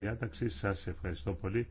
διάταξη. Σας ευχαριστώ πολύ.